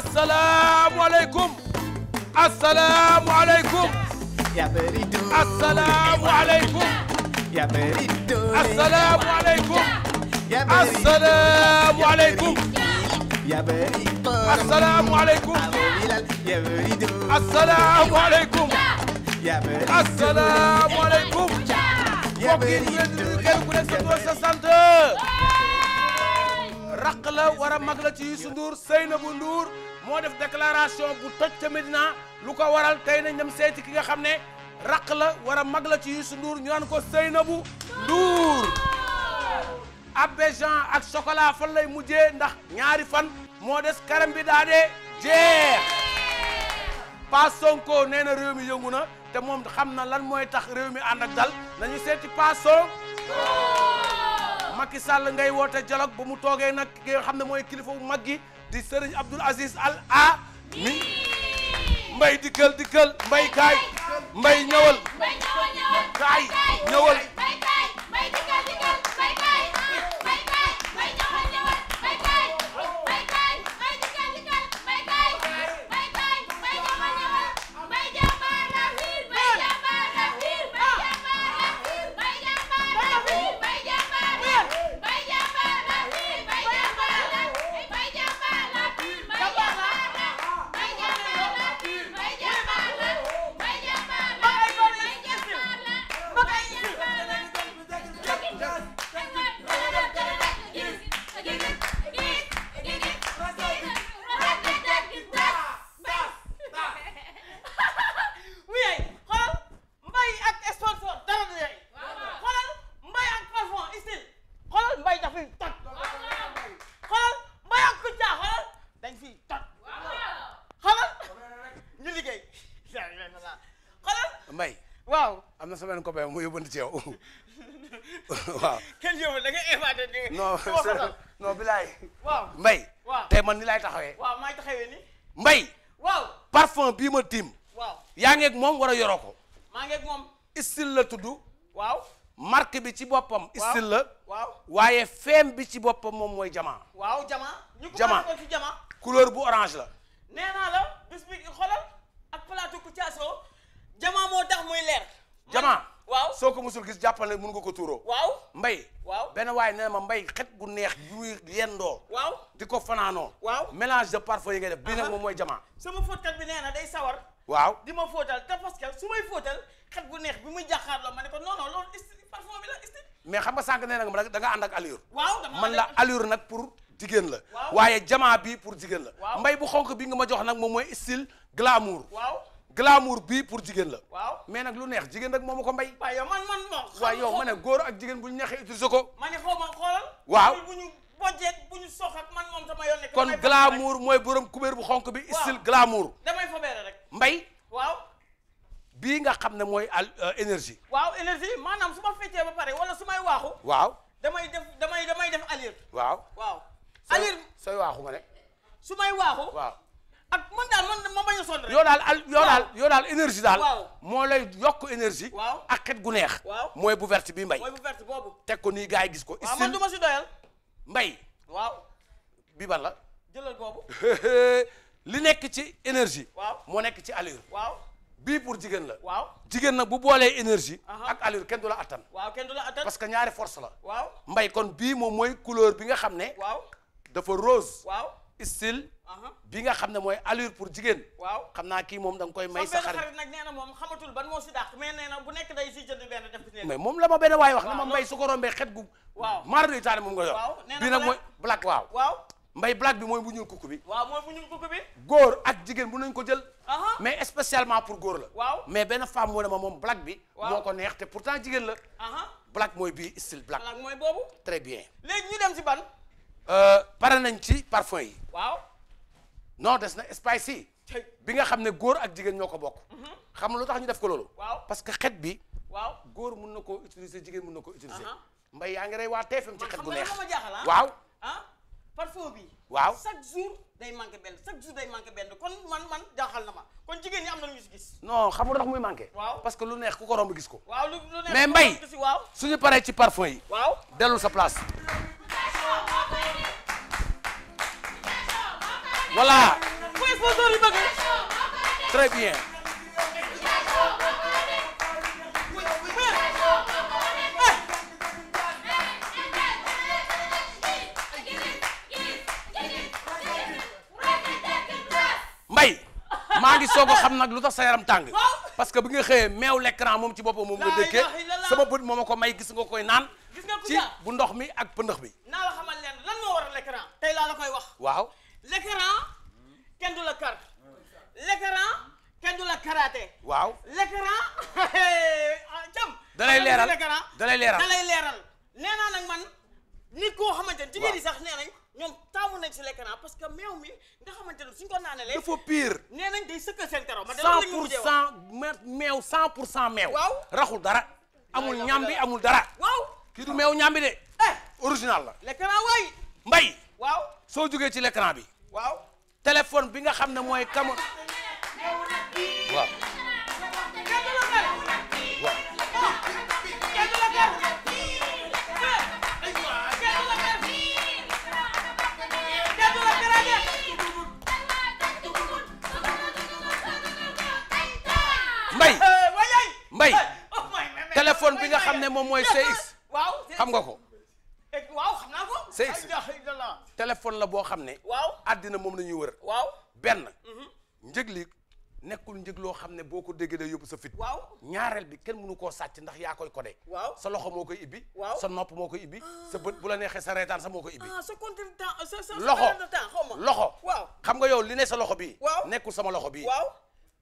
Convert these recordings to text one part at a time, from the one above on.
asalaamualeykum asalaamualeykum asalaamualeykum asalaamualeykum asalaamualeykum asalaamualeykum asalaamualeykum asalaamualeykum mbokk yi ñu leen di nuyu kenn ku nekk sa tur sa sant raq la war a mag la ci Youssou Ndour Seynabou Ndour moo def déclaration bu toj ca Medina lu ko waral tey nañ dem seeti ki nga xam ne raq la war a mag la ci Youssou Ndour ñu naan ko Seynabou Ndour Abidjan ak chocolat fan lay mujjee ndax ñaari fan moo des karam bi daa jeex Pa Sonko nee na réew mi yëngu na te moom xam na lan mooy tax réew mi ànd ak dal nañu seeti Pa Sonko Macky ngay woote dialogue ba mu toogee nag ki nga xam ne mooy kilifa bu mag gi di sëriñ Abdoul Aziz Al Amin mbay dikkal dikkal mbay kaay mbay ñëwal kaay ñëwal mbay kaay mbay dikkal dikkal mbay kaay semaine copain mu yóbbanti ci yow waaw. kenn yóbbu da nga évadé di. non non bilaay. waaw mbay. waaw tey man ni laay taxawee. mbay. parfum bii ma tiim. yaa ngeeg moom war a yoroo maa ngeeg moom. style la tudd. waaw bi ci boppam. waaw style la. waaye feem bi ci boppam moom mooy jamaa. waaw jamaa. ñu ko couleur bu orange la. nee naa la bis bi xoolal ak plateau ku caasoo jamaa moo tax muy leer. jamaa waaw soo ko musul gis jàppale mun nga ko tuuroo waaw mbay waaw benn waaye nee ma mbay xet gu neex yu muy yendoo waaw di ko fanaanoo waaw mélange de parfum yi ngay bii nag moom mooy jamaa sama fóotkat bi nee na day sawar waaw di ma fóotal te parce que su may fóotal xet gu neex bi muy la ma ne ko non non loolu mais xam nga sànq nee na nga da nga ànd ak allure waaw man la allure nag pour jigéen la waaye jamaa bi pour jigéen la mbay bu xonk bi nga ma jox nag moom mooy style glamour waaw glamour bii pour jigéen la. waaw mais nag lu neex jigéen rek moomu ko mbay. waaw yow man man moom. waaw yow ma ne góor ak jigéen bu ñu neexee utiliser ko. ma ne xaw ma xoolal. waaw bu ñu bojjee bu ñu sox man moom sama yoon. kon glamour mooy borom kubéer bu xonk bi. waaw style glamour. damay fobeere rek. mbay. waaw. nga xam ne mooy al euh, énergie. waaw énergie maanaam su ma feccee ba pare wala su may waaxu. waaw damay def damay damay def allure. waaw waaw. allure sooy waaxu ma ne. su may waaxu. waaw. ak man daal man ma bañ a sonn rek. yoo daal al yoo daal yoo daal énergie daal. moo lay yokk énergie. waaw ak xet gu neex. waaw mooy bu verte bi mbay. mooy bu verte boobu. teg ko nii gars yi gis ko. waaw man du ma si doyal. mbay. waaw bi ban la. jëlal boobu. li nekk ci énergie. waaw moo nekk ci allure. waaw bii pour jigéen la. waaw jigéen nag bu boolee énergie. ak allure kenn du la attan. waaw kenn du la attan parce que ñaari force la. waaw mbay kon bii moom mooy couleur bi nga xam ne. waaw dafa rose. waaw style. bii nga xam ne mooy allure pour jigéen. waaw xam naa kii moom da nga koy may. sa xarit benn xarit nag nee na moom xamatul ban moo si dàq mais nee na bu nekk day si jënd benn def ci mais moom la ma benn waay wax. waaw ne mbay su ko rombee xet gu. waaw maar day taane moom nga yor. waaw nee na bii nag mooy black waaw. waaw mbay black bi mooy bu ñuul kukk bi. ak jigéen bu nañ ko jël. mais spécialement pour góor la. waaw mais benn femme moo ne moom black bi. waaw ko neex te pourtant jigéen la. black mooy bii style black. black mooy boobu. très bien. léegi ñu dem si ban. Euh, pare nañ ci parfum yi. waaw non des na space bi nga xam ne góor ak jigéen ñoo ko bokk mhm. xam lu tax ñu def ko loolu waaw parce que xet bi waaw góor mun na koo utiliser jigéen mun na ko utiliser mbay yaa ngi rey waa TFM ci xet gu neex ah? waaw ah parfum bi waaw chaque jour day manqué benn chaque jour day manqué benn kon man man jaaxal na ma kon jigéen ñi am na lu ñu si gis non xam nga tax muy manqué waaw parce que lu neex ku ko romb gis ko waaw lu neex mais mbay suñu paree ci parfum yi waaw dellul sa place voilà. très bien. mbay maa ngi soog a xam nag lu tax sa yaram tàng parce que bi nga xëyee meew l'écran moom ci boppam moom nga dëkkee sama bët moom may gis nga koy naan ci bu ndox mi ak pëndëx bi naa la xamal leen lan moo waral l'écran tey laa la koy wax waaw l'écran kenn du la kar l'écran kenn du la karaate waaw l'écran ah, jam da lay leeral da lay leeral da lay leeral nee naa man nit koo xamante ne jigéen yi sax nee nañ ñoom taamu nañ si l'écran parce que meew mi nga xamante ne suñ ko naanalee dafa pire nee nañ day sëkkal seen karaw ma cent pour cent meew cent pour cent meew waaw raxul dara amul ñambi amul dara waaw kii du meew ñambi de eh. original la l'écran waay mbay waaw soo jógee ci bi. waaw téléphone bi nga xam ne mooy kam. mbay mbay oh, bi nga xam ne moom mooy CX. waaw xam nga ko. waaw xam naa ko. la boo xam ne. waaw àddina moom la ñuy wër. waaw benn. Mhm. njëg li nekkul njëg loo xam ne boo ko déggee day yóbbu sa fit. waaw ñaareel bi kenn mënu koo sàcc ndax yaa koy codé. sa loxo moo koy ibbi. waaw sa nopp moo koy ibbi. sa bët bu la neexee sa reetaan sa moo koy ibbi. ah sa compte de sa sa loxo loxo. waaw xam nga yow li ne sa loxo bi waaw nekkul sama loxo bi waaw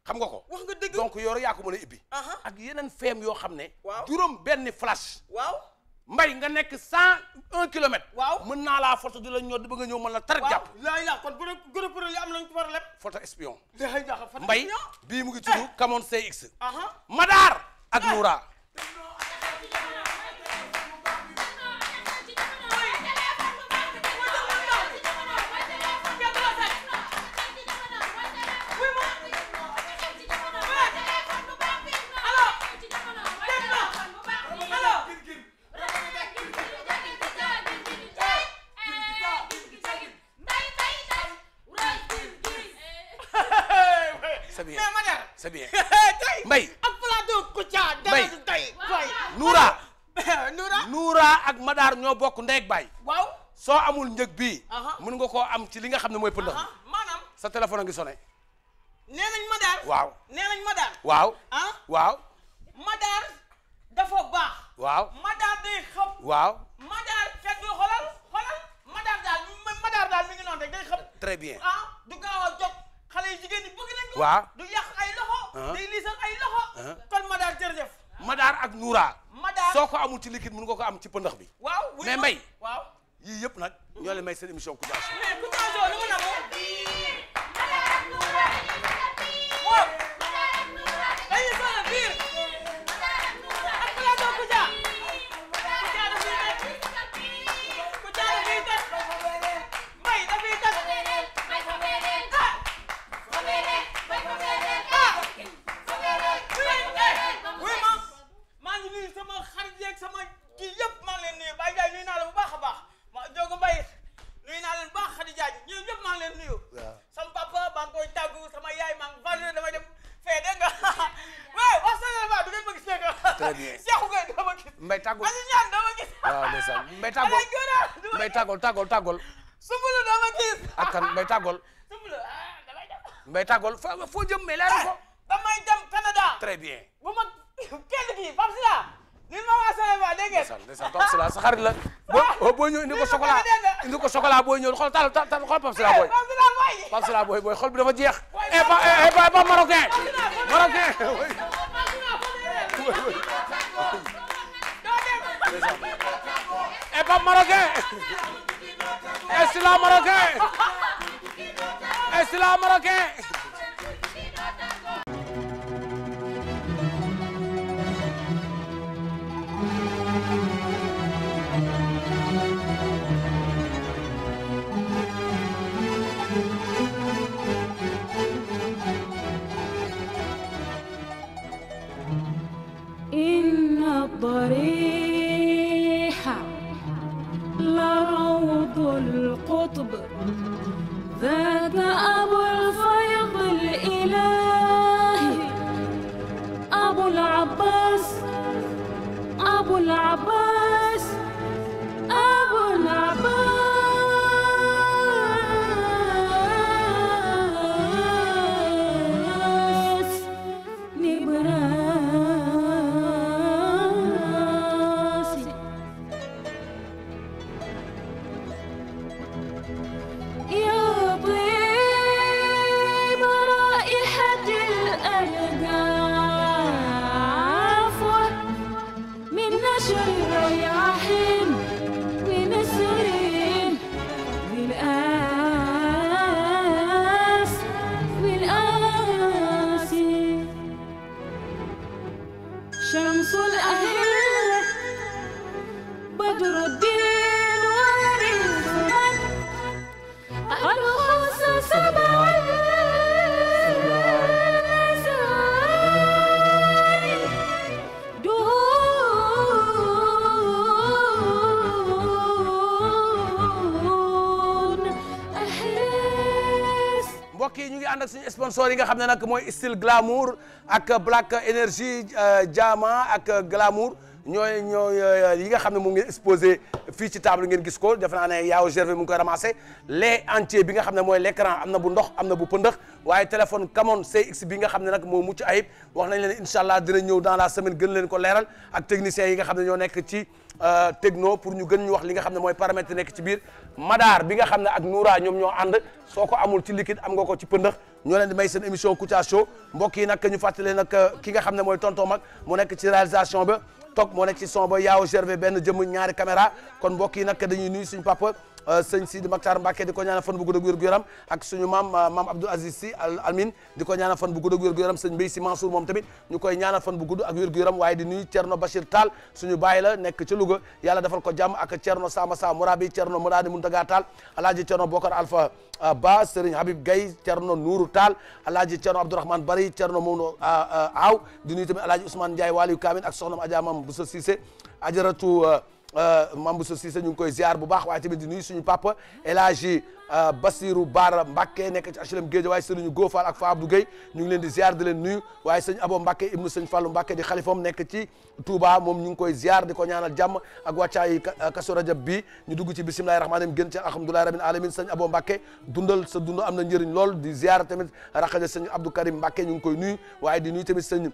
xam nga ko. wax nga dëgg donc yoru yaa ko mën a ibbi. ak yeneen feem yoo xam ne. waaw juróom benn flash. waaw mbay nga nekk cent un kilomètre. waaw mën naa laa photo di la ñor di bëgg ñëw mën la tar jàpp. waaw la kon gën a gën a kuréel yi am nañ ko war a leb. photo espion. mbay bii mu ngi tudd Camon CX. Madaar ak Noura. ñoo bokk ndey ak baay. waaw soo amul njëg bii. mën nga koo am ci li nga xam ne mooy pëndax bi. sa téléphone a ngi sonné. nee nañ ma daal. waaw nee nañ ma daal. waaw ah waaw. dafa baax. waaw ma daal day xam. waaw ma daal fekk du xolal ngi noonu rek day xam. très bien ah, du gaaw a jóg xale yu jigéen ñi nañ ko. du yàq ay loxo. Ah. day liisal ay loxo. Ah. kon ma daal jërëjëf. madaar ak nuuraa madaar soo ko amul ci liquide mën nga ko am ci pëndax bi waaw mais waaw yii yëpp nag ñoo leen may seen émission Kouthia Show tàggul. Aziz Ndiaye dama gis. waaw ah, ndeysaan mbay tàggul mbay tàggul tàggul tàggul. Soumboulou dama gis. kan mbay tàggul. Soumboulou mbay tàggul foo foo jëm mais eh, damay dem Canada. très bien. bu ma kenn kii ni ma waa Sénégal dégg ngeen. ndeysaan ndeysaan sa xarit la. boo oh, boo ñëw indi ko chocolat indi ko chocolat booy ñëw xool tal tal xool eh, Pape Sila booy. Pape Sila booy jeex. marocain marocain. et eh, pas marocain eh, la marocain eh, suñu sponsor yi nga xam ne nag mooy style glamour ak black energy jaama euh, ak glamour ñooy ñooy euh, yi nga xam ne moom ngeen exposé fii ci table ngeen gis ko defe naa ne yaaw gervé mu ngi koy ramassé lait entier bi nga xam ne mooy l'écran am na bu ndox am na bu pëndëx waaye téléphone Camon CX bi nga xam ne nag moo mucc ayib wax nañ leen incha allah dina ñëw dans la semaine gën leen ko leeral ak techniciens yi nga xam ne ñoo nekk ci euh, techno pour ñu gën ñu wax li nga xam ne mooy paramètre nekk ci biir Madaar bi nga xam ne ak Noura ñoom ñoo ànd soo ko amul ci liquide am nga ko ci pëndëx ñoo leen di may seen émission Kouthia Show mbokk yi nag ñu fàttali nag euh, ki nga xam ne mooy tonton mag mu nekk ci réalisation ba toog moo nekk ci son ba yaaw gervé benn jëm ñaari caméra kon mbokk yi nag dañuy nuyu suñu papa Euh, sëñ Sidi Makhtar Mbacke di ko ñaanal fan bu gudd ak wér gu yaram ak suñu maam euh, maam Abdou Aziz Sy Al Amin di ko ñaanal fan bu gudd ak wér gu yaram sëñ Mbaye Sy moom tamit ñu koy ñaanal fan bu gudd ak wér gu yaram waaye di nuyu Thierno Bachir Tall suñu baay la nekk ca Louga yàlla defal ko jàmm ak Thierno Sama Sa Mourabi Thierno Mouradi Muntaga Tall alaaji Thierno Bokar Alpha euh, Ba Serigne Habib Gaye Thierno taal Tall alaaji Thierno Abdourahmane Bari Thierno Mawno Aw di nuyu tamit alaaji Ousmane Ndiaye Waliyu Kamin ak soxnam Adja Mam Boussa Cissé ajaratu Euh, Mambousso Cissé ñu ngi koy ziar bu baax waaye tamit di nuyu suñu papa El Euh, Bassirou Bara Mbacké nekk ci HLM Guédiawaye sëriñu Gofal ak Fa Abdou Gueye ñu ngi leen di ziar di leen nuyu waaye sëñ Abo Mbacké ibnu sëñ Fallou Mbacké di xalifam nekk ci Touba moom ñu ngi koy ziar di ko ñaanal jàmm ak wàccaay euh, kaso rajab bi ñu dugg ci bismillahi rahmaani rahim gën ci alhamdulillahi rabbil alamin sëñ Abo Mbacké dundal sa dund am na njëriñ lool di ziar tamit raqaja sëñ Abdou Karim Mbacké ñu ngi koy nuyu waaye di nuyu tamit sëñ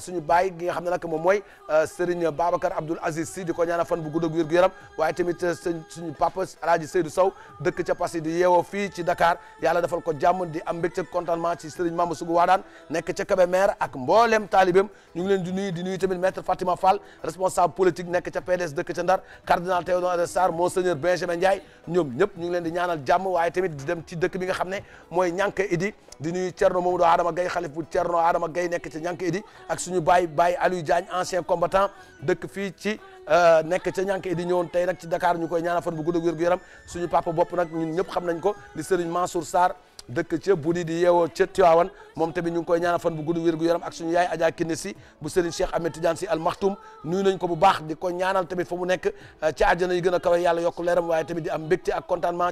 suñu baay gi nga xam ne nag moom mooy euh, sëriñ Babacar Abdoul Aziz Sy di ko ñaanal fan bu gudd ak wér gu waaye tamit sëñ suñu papa Alaaji Seydou Sow dëkk ca Passy di yeewoo fii ci Dakar yàlla defal ko jàmm di am mbégte contentement ci Serigne Mamadou Sougou Wadane nekk ca Kébémer ak mboolem taalibem ñu ngi leen di nuyu di nuyu tamit maître Fatima Fall responsable politique nekk ca PDS dëkk ca Ndar cardinal Théodore Adrien Sarr monseigneur Benjamin Ndiaye ñoom ñëpp ñu di ñaanal jàmm waaye tamit di dem ci dëkk bi nga ne mooy ñànk idi di nuyu Thierno Mamadou Adama Gaye xalif bu Thierno Adama Gaye nekk ca ñànk idi ak suñu baay baay Aliou Diagne ancien combattant Euh, nekk ca ñànk di ñëwoon tey nag ci Dakar ñu koy ñaanal fan bu gudd wér gu yaram suñu papa bopp nag ñun ñëpp xam nañ ko di Serigne Mansour saar dëkk ca Budi di yeewoo ca Tiwaawan moom tamit ñu ngi koy ñaana fan bu gudd wér gu yaram ak suñu yaay Adja Kine si bu Serigne Cheikh Ahmed Tidiane si Al Maktoum nuyu ko bu baax di ko ñaanal tamit fa mu nekk euh, ci àjjana yi gën a kawe yàlla yokku leeram waaye tamit di am mbégte ak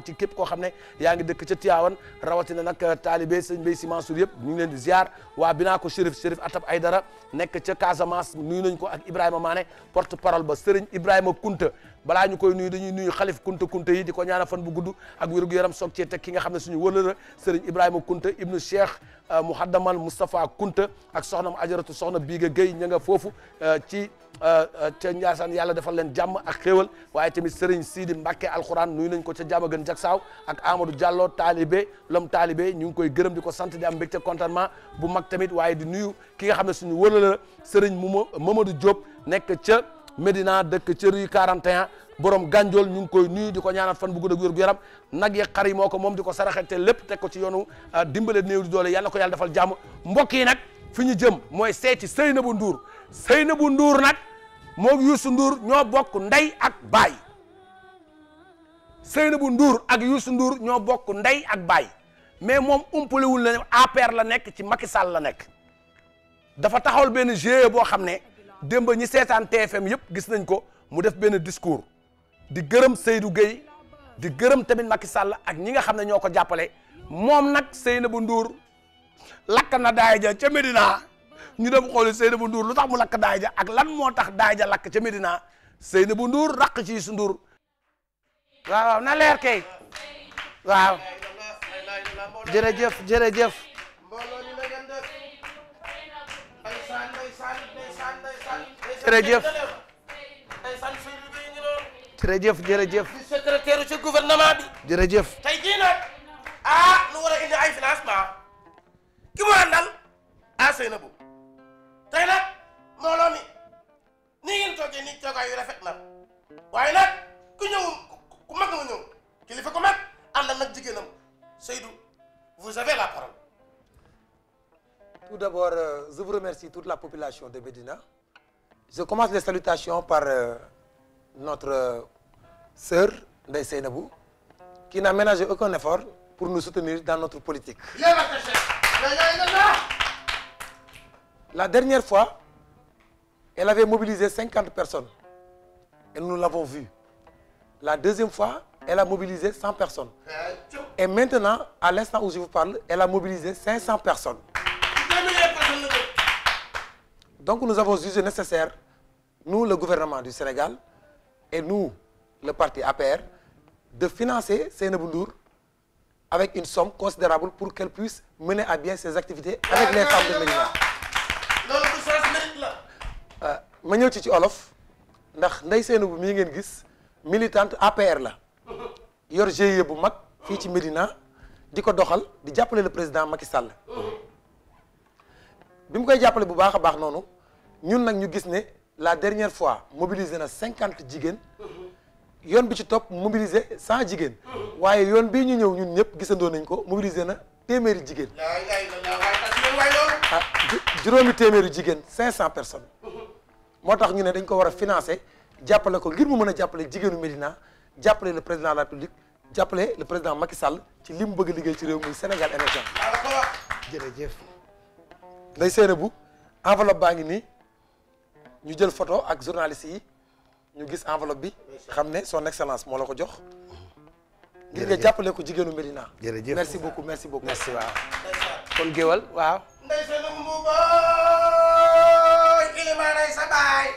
ci képp ko xam ne yaa ngi dëkk ca Tivaouane rawatina nag euh, taalibe Serigne Mbaye Sy Mansour yëpp ñu ngi leen di ziar waa binaa ko Chérif Chérif Atab Aydara nekk ca Casamance nuyu nañ ko ak Ibrahima Mané porte parole ba Serigne Ibrahima Kunta balaa ñu koy nuyu dañuy nuyu xalif kunta kunta yi di ko ñaanal fan bu gudd ak wér gu yaram soog cee teg ki nga xam muhaddamal Moustapha Kunta ak soxna soxnam ajaratu soxna Biga Gueye ña nga foofu euh, ci euh, euh, ca Ndiassane yàlla defal leen jàmm ak xéewal waaye tamit Serigne Sidi Mbacke alxuraan nuyu nañ ko ca jàmm gën jagsaaw ak Amadou Diallo Talibe lom Talibe ñu ngi koy gërëm di ko sant di am ca contentement bu mag tamit waaye di nuyu ki nga xam ne suñu wërala la Serigne Momadou Diop nekk ca. Medina dëkk ci rue 41 borom gànjool ñu ngi koy nuyu di ko ñaanal fan bu gudd ak wér gu yaram nag yeeg xar yi moo ko moom di ko saraxete lépp teg ko ci yoonu ah, dimbale néew di doole yàlla ko yàlla defal jàmm mbokk yi nag fi ñu jëm mooy seeti na bu Seynabou Ndour bu nduur nag moog Youssou Ndour ñoo bokk ndey ak baay bu nduur ak yusu Ndour ñoo bokk ndey ak baay mais moom wul la APR la nekk ci Macky Sall la nekk dafa taxawal benn GIE boo xam ne démb ñi seetaan TFM yëpp gis nañ ko mu def benn discours di gërëm seydu Gueye di gërëm tamit Macky Sall ak ñi nga xam ne ñoo ko jàppale moom nag bu nduur lakk na daay ja ca Medina ñu dem xooli Seynabou Ndour lu tax mu lakk daay ja ak lan moo tax daay ja lakk ca Medina Seynabou Ndour raq ci su Ndour waaw na leer kay waaw jërëjëf jërëjëf jërëjëf jërëjëf jërëjëf di secrétaire ci gouvernement bi jërëjëf tey jii nag ah lu war a indi ay financement ki mu àndal ah sëy na bu tey nag mbooloo mi ni ngeen toogee nii toogaay yu rafet na waaye nag ku ñëw ku mag nga ñëw kilifa ku mag ànd nag jigéenam Seydou vous avez la parole tout d'abord euh, je vous remercie toute la population de Médina je commence les salutations par euh, notre euh, sœur Ndeye Seynabou qui n'a ménagé aucun effort pour nous soutenir dans notre politique. La dernière fois, elle avait mobilisé 50 personnes et nous l'avons vu. La deuxième fois, elle a mobilisé 100 personnes. Eh, et maintenant, à l'instant où je vous parle, elle a mobilisé 500 personnes. donc nous avons jugé nécessaire nous la gouvernement du Sénégal et nous le partie APR de financer Seynabou Ndour avec une somme considérable pour qu'elle puisse mener à bien ses activités avec les femmes de Médina euh, ma ñëw ci ci olof ndax Ndeye Seynabou mi ngeen gis militante APR la yor GIE bu mag fii ci Médina di ko doxal di jàppale le président Macky Sall mhm. bi mu koy jàppale bu baax a baax noonu ñun nag ñu gis ne la dernière fois mobilisé na cinquante jigéen yoon bi ci topp mobilisé cent jigéen waaye yoon bii ñu ñëw ñun ñëpp gisandoo nañ ko mobilisé na téeméeri jigéen ah juróomi téeméeri jigéen cinq cent personne moo tax ñu ne dañ ko war a financer jàppale ko ngir mu mën a jàppale jigéenu Médina jàppale le président la République jàppale le président Macky Sall ci li mu bëgg liggéey ci réew muy Sénégal émergent jërëjëf nday seena bu enveloppe baa ngi nii ñu jël photo ak journaliste yi ñu gis enveloppe bi xam ne son excellence moo la ko jox ngir nga jàppale ko jigéenu Médina jërëjëf merci beaucoup merci beaucoup waaw kon géwal waaw ndey sa lum bu booy ilimaanay sa baay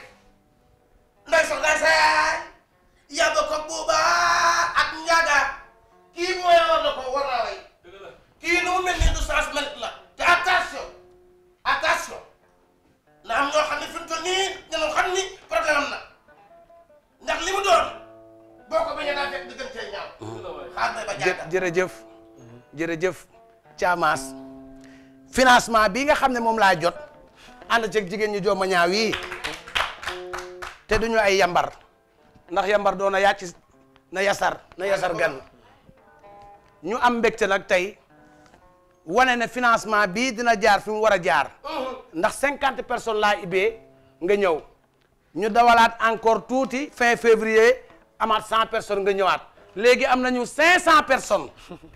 ndey soxna sa yaay yàgg ko buuba jërëjëf jërëjëf Thiamas financement bii nga xam ne moom laa jot ànd ceeg jigéen ñu jooma ñaaw yi te duñu ay yambar ndax yambar doon na yàcc na yasar na yasar gan ñu am mbégte nag tey wane ne financement bi dina jaar fi mu war a jaar ndax cinquante personne laa ibee nga ñëw ñu dawalaat encore tuuti fin février amaat cent personnes nga ñëwaat léegi am nañu cinq cent personnes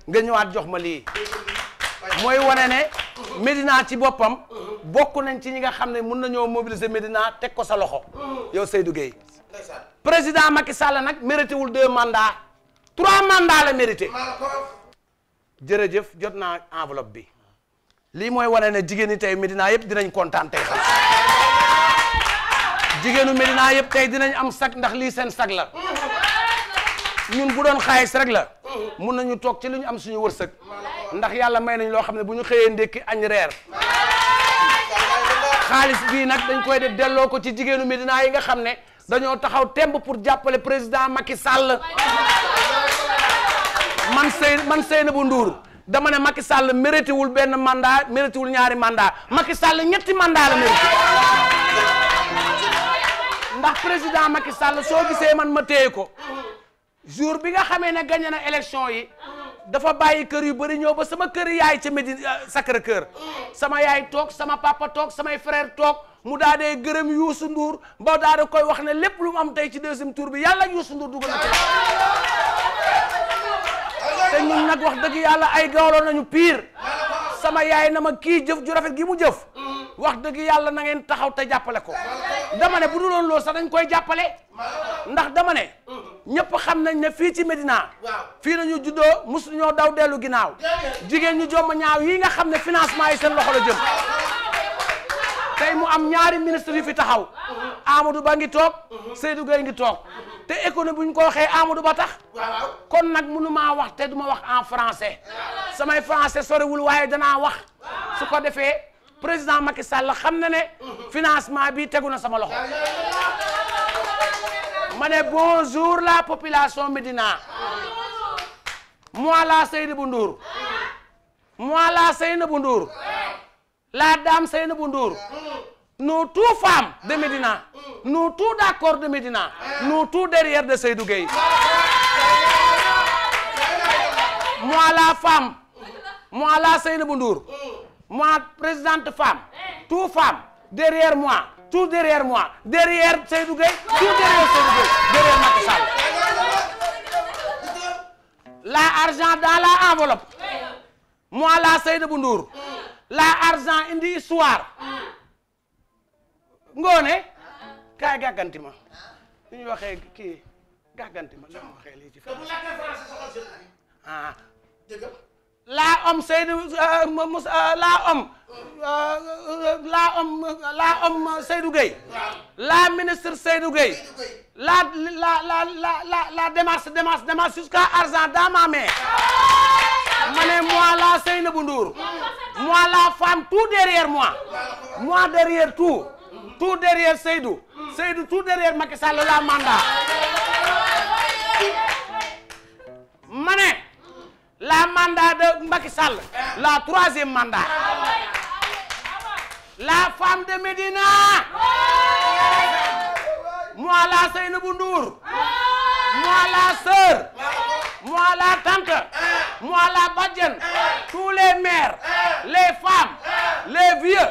nga ñëwaat jox ma lii mooy wane ne Médina ci boppam bokk nañ ci ñi nga xam ne mun nañoo mobiliser Médina teg ko sa loxo yow Seydou Gueye. président Macky Sall nag mérité wul deux mandats trois mandats la mérité. jërëjëf jot na enveloppe bi lii mooy wane ne jigéen ñi tey Médina yëpp dinañ kontaan tey xam jigéenu Médina yëpp tey dinañ am sag ndax lii seen sag la. ñun bu doon xaalis rek la mm-hmm. mun nañu toog ci li ñu am suñu wërsëg ndax yàlla may nañ loo xam ne bu ñu xëyee ndékki añ reer xaalis bii nag dañ koy def delloo ko ci jigéenu Médina yi nga xam ne dañoo taxaw temb pour jàppale président Macky Sall man sey man bu Ndour dama ne Macky Sall mérité wul benn mandat mérité wul ñaari mandat Macky Sall ñetti mandat la ndax président Macky Sall soo gisee man ma téye ko jour bi nga xamee ne gagné na élection yi dafa bàyyi kër yu bëri ñëw ba sama kër yaay ca Médine euh, Sacré-Cœur sama yaay toog sama papa toog samay frère toog mu daa dee gërëm Youssou Ndour ba daa de koy wax ne lépp lu mu am tey ci deuxième tour bi yàlla Youssou Ndour dugal na tey te ñun nag wax dëgg yàlla ay gawlo nañu piir sama yaay na ma kii jëf ju rafet gi mu jëf wax dëgg yàlla na ngeen taxaw te jàppale ko dama ne bu du lool sax dañ koy jàppale ndax dama ne ñëpp xam nañ ne fii ci Medina. waaw fii nañu juddoo mosu ñoo daw dellu ginnaaw. jigéen ñu jomm ñaaw yi nga xam ne financement yi seen loxo la jëm. tey mu am ñaari ministre yu fi taxaw. Amadou Ba ngi toog. Seydou Gueye ngi toog. te économie bu ñu ko waxee Amadou Ba tax. kon nag mënu maa wax te duma wax en français. samay français soriwul waaye danaa wax. su ko defee président Macky Sall xam na ne. financement bi tegu na sama loxo. ma ne bonjour la population Médina moi la Seynabou Ndour moi la Seynabou Ndour la dame Seynabou Ndour nous tous femmes de Médina nous tous d'accord de Médina nous tous derrière de Seydou Gueye moi la femme moi la Seynabou Ndour moi présidente femme tout femme derrière moi tout derrière moi derrière Seydou Gueye tout derrière Seydou Gueye derrière Macky Sall la argent dans la enveloppe moi la Seydou Ndour la argent indi histoire ngoone kaay gàgganti ma li ñu waxee kii la waxee lii ci français laa om Seydou euh, euh, laa om euh, laa om laa om Seydou laa ministre Seydou Gueye laa la la la la la jusqu'à argent dans ma main ma ne moi la Seynabou Ndour femme tout derrière moi moi derrière tout tout derrière Seydou mm. Seydou tout derrière Macky la mandat ma la mandat de Macky Sall la troisième mandat la femme de Médina moi la Seynabou Ndour moi la sœur moi la tante moi la badiane tous les mères les femmes les vieux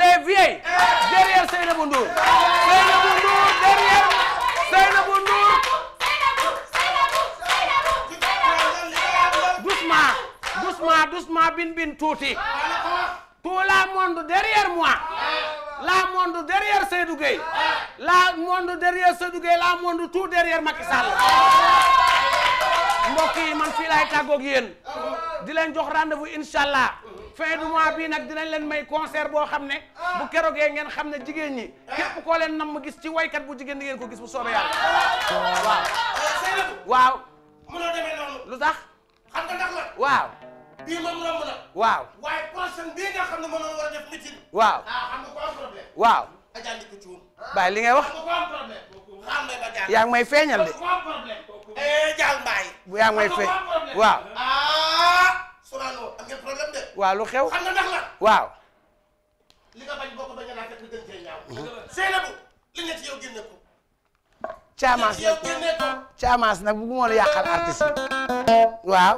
les vieilles derrière Seynabou Ndour Seynabou Ndour derrière Seynabou Ndour doucement doucement bin bin tuuti tout la monde derrière moi la monde derrière Seydou Gueye la monde derrière Seydou Gueye la monde tout derrière man fii laay tàggoog di leen jox rendez-vous incha allah fin du mois bii nag dinañ leen may concert boo xam ne bu keroogee ngeen xam ne jigéen ñi képp koo leen ma gis ci waykat bu jigéen di ko gis bu soobee yàlla lu tax. bii na. waaw waaye prochaine bii nga xam ne moom la waaw ah, ah. li ngay wax. xam nga ko am problème. xam nga ba jaar. yaa ngi may feeñal de. Eh, yaa ngi may feeñ ah, de. waaw lu xew. xam nga ndax la. waaw. a caamaas nag bu ma la yàqal artiste waaw.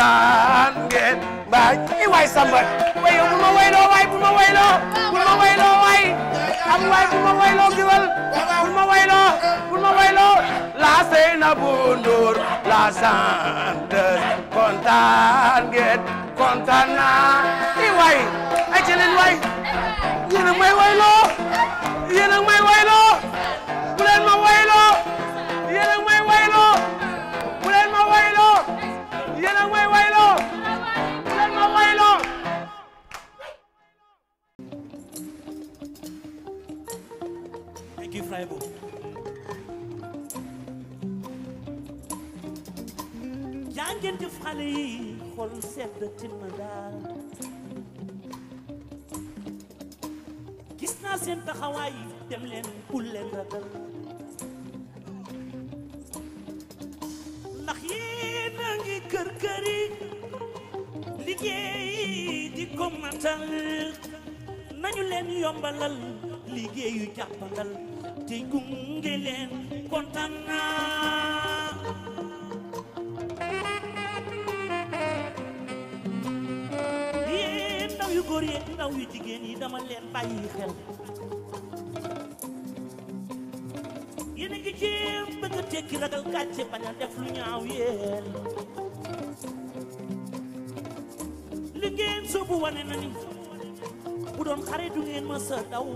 kontaan ngeen mbaay i waay samba way bu ma wayloo waay bu ma wayloo bu ma wayloo waay am waay bu ma wayloo giwal bu ma wayloo bu ma wayloo la Seynabu Ndour la chanteuse kontaan ngeen kontaan naa i waay ay ci leen waay yéen a may wayloo yéen a may wayloo Bible. jaa ngeen jëf xale yi xol sedd tin daal gis naa seen taxawaay dem leen bul leen ragal ndax yéen a kër kër yi di ko nañu leen yombalal liggéeyu jàppandal kontaan naa yéen ndaw yu góor yéen ndaw yu jigéen yi dama leen bàyyi xel yéen a ngi jéem bëgg a tekki ragal gàcce bañ a def lu ñaaw yéen li ngeen soobu wane na ni bu doon xare du ngeen ma daw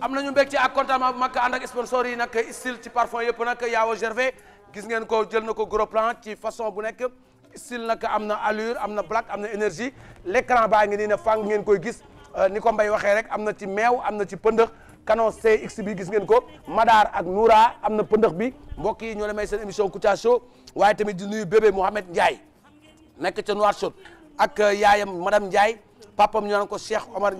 am na ñu mbégte ci contentement bu mag ànd ak sponsor yi nag style ci parfum yëpp nag yaaw a gervais gis ngeen ko jël na ko gros plan ci façon bu nekk style nag am na allure am na black am na énergie l'écran baa ngi nii ne fàng ngeen koy gis euh, ni ko mbay waxee rek am na ci meew am na ci pëndëx canon CX bi gis ngeen ko Madaar ak Noura am na pëndëx bi mbokk yi ñoo leen may seen émission Kouthia Show waaye tamit di nuyu bébé Mouhamed Ndiaye nekk ca Nouakchott ak euh, yaayam madame Ndiaye papam ñu ko Cheikh Omar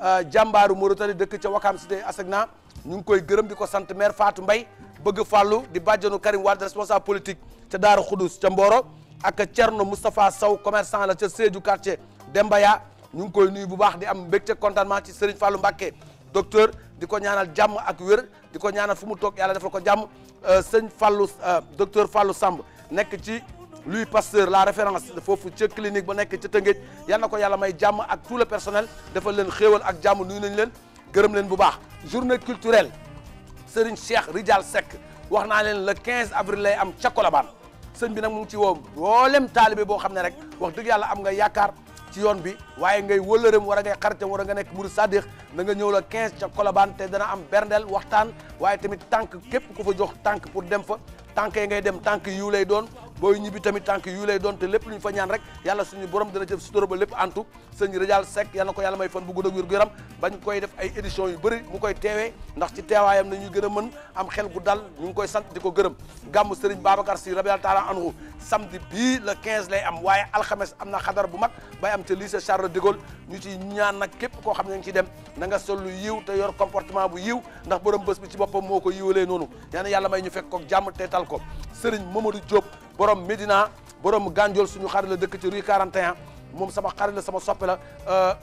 Euh, jàmbaaru tari dëkk ca wakaam Wakam cité Asegna ñu ngi koy gërëm di ko sant maire Fatou Mbaye bëgg fàllu di bàjjanu Karim Wade responsable politique ca daar Khoudous ca Mboro ak Thierno Moustapha Sow commerçant la ca Sédhiou quartier Dembaya ñu ngi koy nuyu bu baax di am mbégte contentement ci Serigne Fallou Mbacké docteur di ko ñaanal jàmm ak wér di ko ñaanal fu mu toog yàlla defal ko jàmm euh, sëñ fallu euh, docteur fallu Samb nekk ci. Louis Pasteur la référence foofu ca clinique ba nekk ca Tëngéej yal ko yàlla may jàmm ak tout le personnel defal leen xéewal ak jàmm nuyu nañ leen gërëm leen bu baax journée culturelle Serigne Cheikh Ridial Seck wax naa leen la 15 avril lay am ca Colobane sëñ bi nag mu ngi ci woo mboolem taalibe boo xam ne rek wax dëgg yàlla am nga yaakaar ci yoon bi waaye ngay wëllëreem war a ngay xaritam war a nga nekk murid sadiq na nga ñëw la quinze ca Colobane te dana am berndeel waxtaan waaye tamit tànk képp ku fa jox tànk pour dem fa tànk yi ngay dem tànk yiw lay doon booy ñibbi tamit tànk yu lay doon te lépp lu ñu fa ñaan rek yàlla suñu borom dina jëf sutura ba lépp antu sëñ Rijaal Seck yal na ko yàlla may fan bu gudd ak wér koy def ay édition yu bëri mu koy teewee ndax ci gën a mën am xel dal ñu ngi koy sant di ko gërëm gàmmu Serigne Babacar Sy rabial taala anhu samedi bii le 15 am waaye alxames am na xadar bu mag bay am ca lycée Charles de Gaulle ñu ci ñaan nag képp koo xam ne ngi ci dem na nga sol lu te yor comportement bu yiw ndax borom bés bi ci boppam moo ko yiwalee noonu yal yàlla may ñu fekk jàmm te tal ko Serigne Mamadou Diop borom Médina borom Gandiol suñu xar la dëkk ci rue 41 moom sama xar la sama soppe la euh,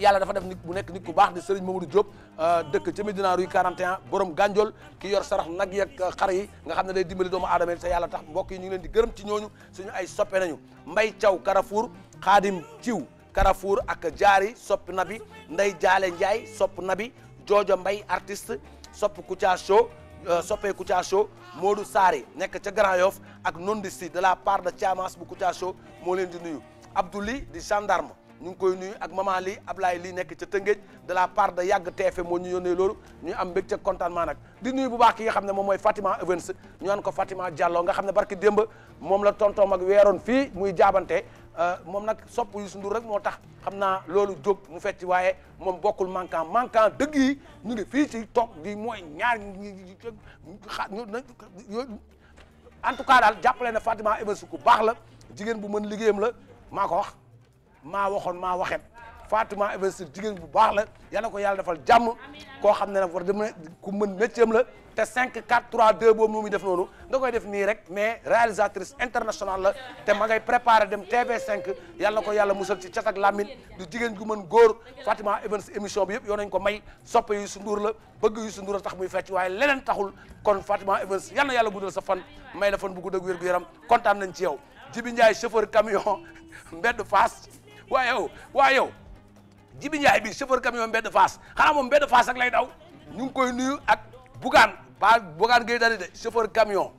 yàlla dafa def nit bu nekk nit ku baax di Serigne Mamadou Diop euh, dëkk ca Médina rue 41 borom Gandiol ki yor sarax nag yeeg euh, xar yi nga xam ne day dimbali doomu aadama yi te yàlla ta mbokk yi ñu ngi leen di gërëm ci ñooñu ay soppe nañu Mbay Thiaw Carrefour Xaadim Thiw Carrefour ak Jaari sopp na bi Ndey Jaale Ndiaye sopp na bi Joojo Mbay artist sopp Kouthia Show Euh, soppee Kouthia moo Modou Saari nekk ca Grand Yoff ak nondisti de la part de Thiamas bu Kouthia moo leen di nuyu Abdouli di gendarme ñu ngi koy nuyu ak mama li lii Ablaye li nekk ca Tëngéej de la part de Yàgg teefe moo ñu yónnee loolu ñu am mbég ca contentement nag di nuyu bu baax ki nga xam ne moom mooy Fatima Evans ñu naan ko Fatima Diallo nga xam ne barki démb moom la tontoom ak weeroon fii muy jaabante Euh, moom nag sopp Youssou Ndour rek moo tax xam naa loolu jóg mu fecc waaye moom bokkul manquant manquant dëgg yi ñu ngi fii ci toog di mooy ñaar en tout cas daal jàppale na Fatima Emerse ku baax la jigéen bu mën liggéeyam la maa ko wax maa waxoon maa waxet Faatuma investir jigéen bu baax la yàlla ko yàlla defal jàmm koo xam ne nag war dem ku mën métier am la te 5 4 3 2 boobu moom muy def noonu nga koy def nii rek mais réalisatrice internationale la te ma ngay préparé dem tv cinq yalla ko yàlla musal ci cat ak làmmiñ du jigéen gu mën góor Fatima Evans émission bi yëpp yoo nañ ko may soppe Youssou Ndour la bëgg Youssou Ndour la tax muy fecc waaye leneen taxul kon Fatima Evans yal na yàlla guddal sa fan may la fan bu gudd ak gu kontaan nañ ci yow Jibi Ndiaye chauffeur camion mbedd Fass waa yow waa yow Jibi Njaay bi chauffeur camion mbedd Fass xanaa moom mbedd ak lay daw ñu nuyu ak Bougane ba Bougane Gueye Dany de chauffeur camion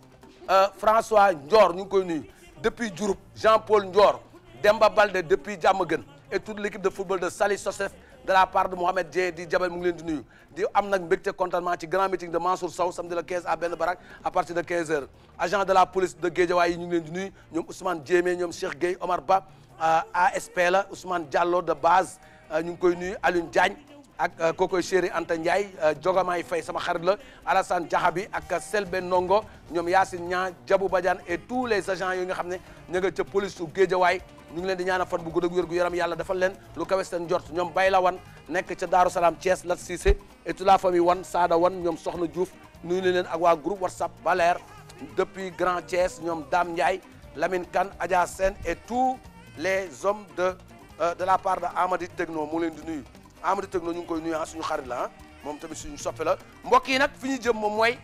euh, François njoor ñu ngi koy nuyu depuis Diouroup Jean-Paul Ndior Demba Balde depuis Diamaguène et toute l'équipe de football de Sali Sosef de la part de Mohamed Dieye di Jabel mu ngi leen di nuyu di am nag mbégte contentement ci grand meeting de Mansour Sow samedi le 15 à benn barak à partir de 15 heures agent de la police de Guédiawaye yi ñu ngi leen di nuyu ñoom Ousmane euh, de base Euh, ñu ngi koy nuyu Alioune Diagne ak euh, kookoy chéri Anta Ndiaye euh, Jogamaay fay sama xarit la Alassane Diakhabi ak Selbe nongo ñoom Yacine Niang jabu Badiane et tous les agents yi nga xam ne ña nga ca police su Géejawaay ñu ngi leen di ñaana fan bu gudd gu yaram yàlla defal leen lu kawe seen njort ñoom Bay la wan nekk ca Daaru Salaam Thiès Lat Cissé et la famille wan Saada wan ñoom Soxna Diouf nuyu na leen ak waa groupe WhatsApp Baleer depuis Grand Thiès ñoom daam Ndiaye Lamine Kane Adja Sène et tous les hommes Euh, de la part de Amady Techno mu leen di nuyu Amady Techno ñu ngi koy nuyu ah suñu xarit la ah. moom tamit suñu soppe la mbokk yi nag fi ñu jëm moom mooy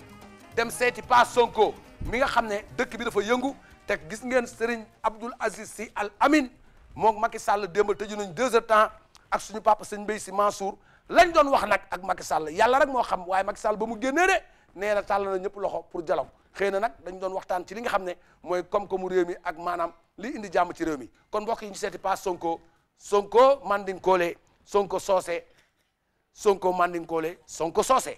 dem seeti pas Sonko mi nga xam ne dëkk bi dafa yëngu teg gis ngeen Serigne Abdoul Aziz si Al Amin moom Macky Sall démbal tëju nañ deux a temps ak suñu papa sëñ Mbaye Sy Mansour lañ doon wax nag ak Macky Sall yàlla rek moo xam waaye Macky Sall ba mu génnee de nee na tàll na ñëpp loxo pour jalaw xëy na nag dañ doon waxtaan ci li nga xam ne mooy koom-koomu réew mi ak maanaam li indi jàmm ci réew mi kon mbokk yi ñu seeti Pa Sonko sonko mandinkoole sonko soose sonko mandinkoole sonko soose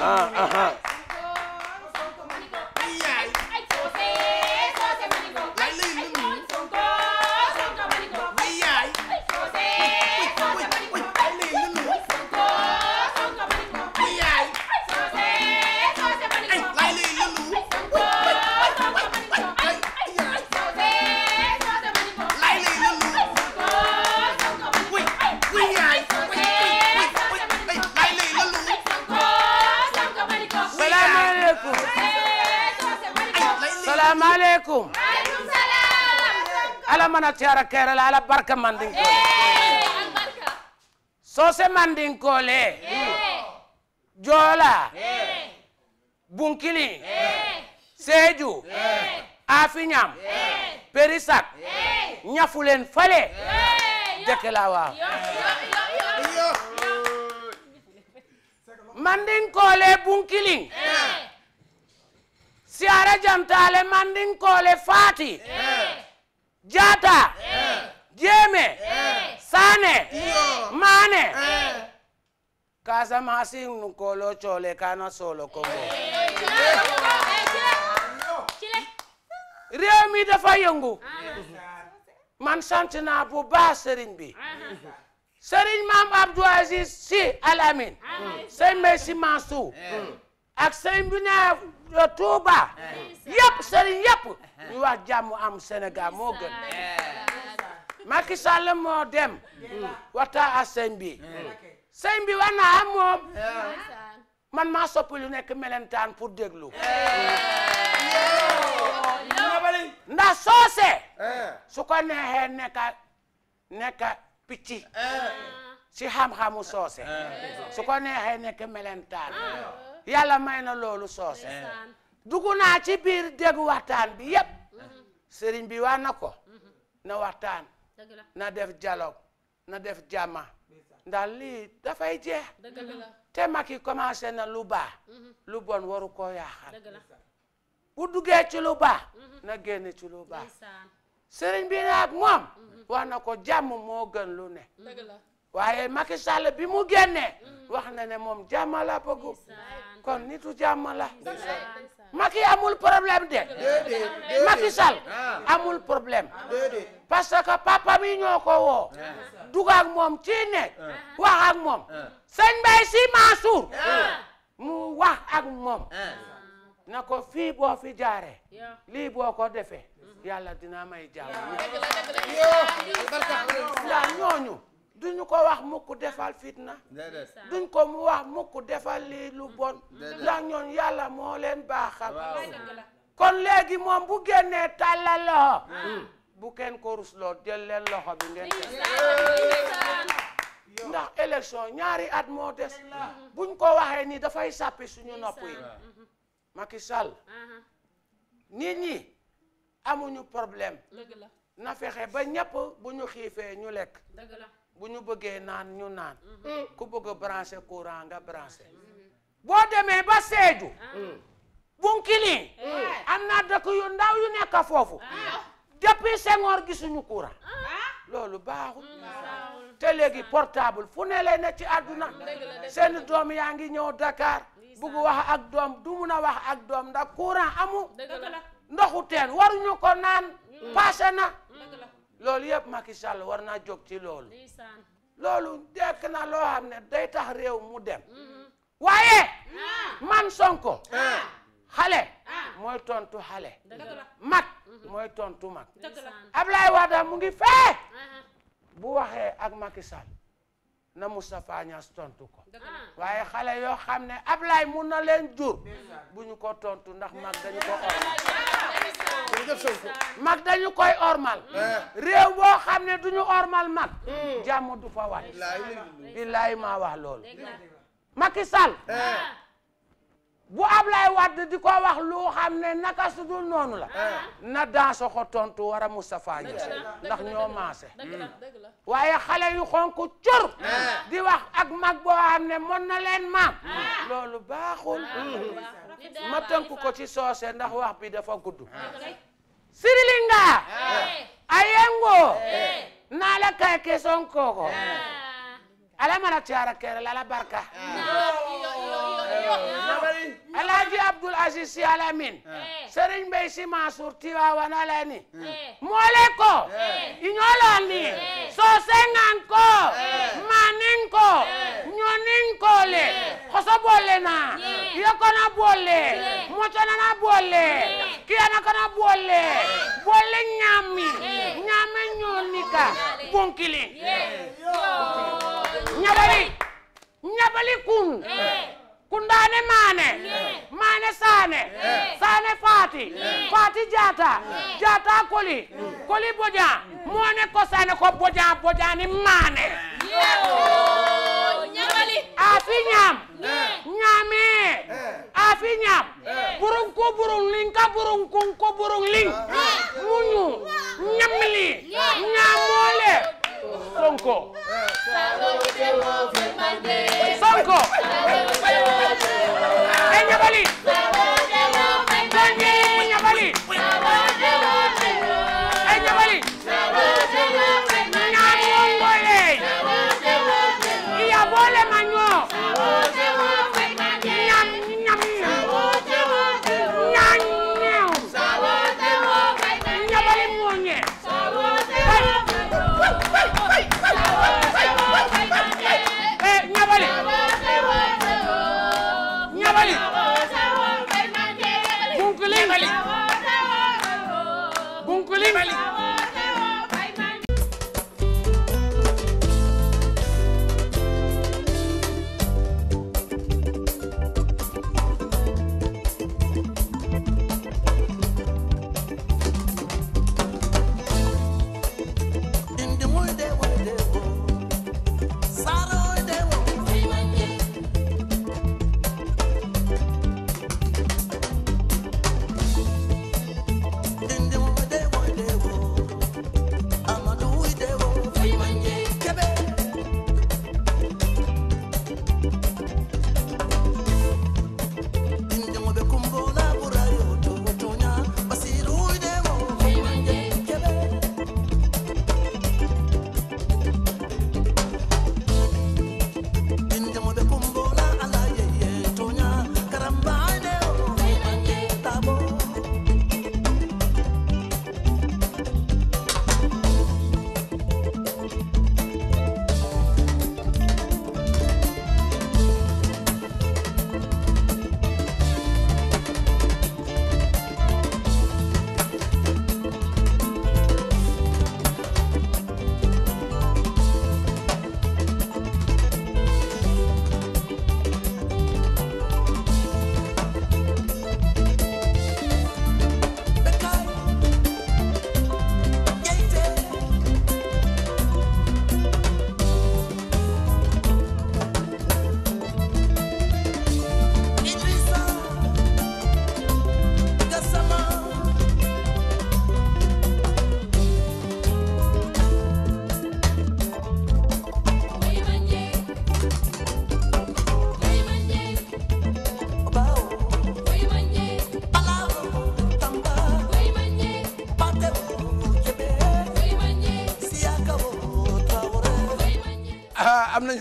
ah ah aleykum maaleykum salaam ala mana tiara kerala ala barka mandinkole sose mandinkole joola bunkili seeju afiñam perisak ñafulen fale dekelawa mandinkoole bunkili siara jantaale mandinkoole faati eh. jaata eh. jeeme eh. saane maane kasamasi nkolo cole kana solo kombo réew mi dafa yëngu man sant bu baax sëriñ bi sëriñ maam Abdou Aziz si Alamin sëñ Mbay si Mansour ak sëriñ bi ne eh, Touba eh. yëpp sëriñ yëpp eh. ñu wax am Sénégal moo gën Macky Sall moo dem waxtaan ak sëriñ bi sëriñ na am moom man maa soppi lu nekk melentaan pour déglu ndax soose su ko neexee nekka nekka si xam-xamu soose su ko neexee nekk melentaan yàlla may na loolu soose dugg naa ci biir dégg waxtaan bi yépp sëriñ bi waa na ko na waxtaan na def dialogue na def jàmma ndax lii dafay jeex te Macky commencé na lu baax lu bon waru ko yaaxal bu duggee ci lu baax na génn ci lu baax sëriñ bi nag moom wax na ko jàmm moo gën lu ne waaye Macky bi mu génnee wax na ne moom jàmm la bëgg kon nitu jàmm la amul problème de Macky ah. amul problème parce que papa mi ñoo ko woo ah. dugg ak moom ci nekk ah. ak moom sëñ Mbaye Sy Mansour mu wax ak moom na ko fii boo fi lii boo ko defee yàlla dina may jàmm ndax ñooñu ñu ko wax mukk defal fitna duñ ko mu wax mukk defal lii lu bon ndax ñoon yàlla moo leen baaxal kon léegi moom bu génnee tàllal loxo ah. hmm. bu kenn ko rusloo jël leen loxo bi ngeen ndax élection ñaari at moo des buñ ko waxee nii dafay sàppi suñu nopp yi Macky Sall uh-huh. nit ñi amuñu problème na fexe ba ñépp bu ñu xiifee ñu lekk bu ñu bëggee naan ñu naan mm-hmm. ku bëgg a branché courant nga branché boo demee ba Sédhiou mm-hmm. Bounkiling mm-hmm. am na dëkk yu ndaw yu nekk foofu depuis Senghor gisuñu courant ah. loolu baaxul te léegi portable fu ne lay ne ci àdduna seen doom yaa ngi ñëw Dakar bugg wax ak doom dumu mun a wax ak doom ndax courant amul ndoxu teen ñu ko naan passé na loolu yëpp Macky war naa jóg ci loolu. loolu dekk na loo xam ne day tax réew mu dem. Mm-hmm. waaye. Ah. man Sonko. Ah. xale. Ah. mooy tontu xale. mag mm-hmm. mooy tontu mag. Ablaye Wade mu ngi fee. Uh-huh. bu waxee ak Macky na Moustapha Niass tontu ko ah. waaye xale yoo xam ne Ablaye mun na leen jur bu ñu ko tontu ndax mag dañu ko ormal mag dañu koy ormal eh. réew boo duñu ormal mag hmm. jàmm du fa wat billaahi maa wax loolu Macky Sall eh. bu Ablaye Wade di ko wax lu xam ne naka su dul noonu la. Eh. na danso ko tontu war a Moustapha Niass ndax ñoo maase. Hmm. waaye xale yu xonk cur. Eh. di wax ak mag boo xam ne mën leen maam. Eh. loolu baaxul. Ah, hmm. ma tënk ko ci soose ndax wax bi dafa gudd. Ah. Sirilinga. Ayengo. naa la kay ke sonko ko. ala mana caara kere la la barka. alaaji abdoul si al sëriñ mbay si mansour tiwaawan alani eh. moole ko eh. iñolani eh. soosengan ko manin ko ñonin ko le xoso bolle na yokona bolle moconana bolle kiyanakana bolle bolle ñaami ñaame ñonika bonkili ñabali ñabali kun kundaane maane maane saane saane faati faati jaata jaata koli koli bojan moone ko saane ko bojan bojani maane